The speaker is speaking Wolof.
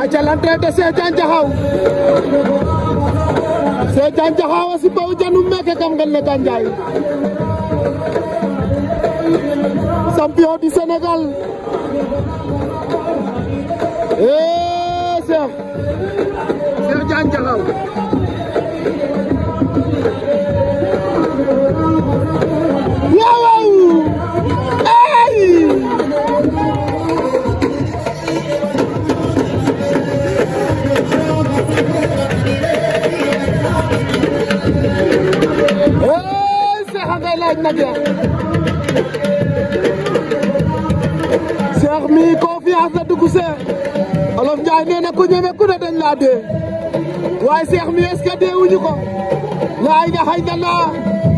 aca l'entrée de Cheikh Diaw Cheikh Diaw a sipawu janum meke kam ngel ne Gandiaye champion du Sénégal e Cheikh Cheikh Diaw Cheikh ngay laaj nag ya Olof Njaay nee ku ñeme ku ne dañ laa dee waaye Cheikh mi est-ce que deewuñu ko laay nga xay nga naa